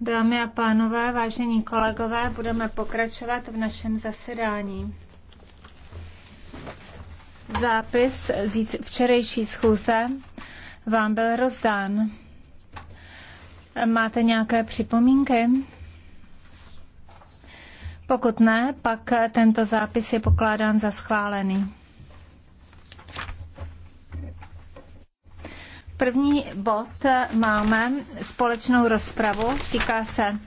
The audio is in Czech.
Dámy a pánové, vážení kolegové, budeme pokračovat v našem zasedání. Zápis včerejší schůze vám byl rozdán. Máte nějaké připomínky? Pokud ne, pak tento zápis je pokládán za schválený. První bod máme společnou rozpravu, týká se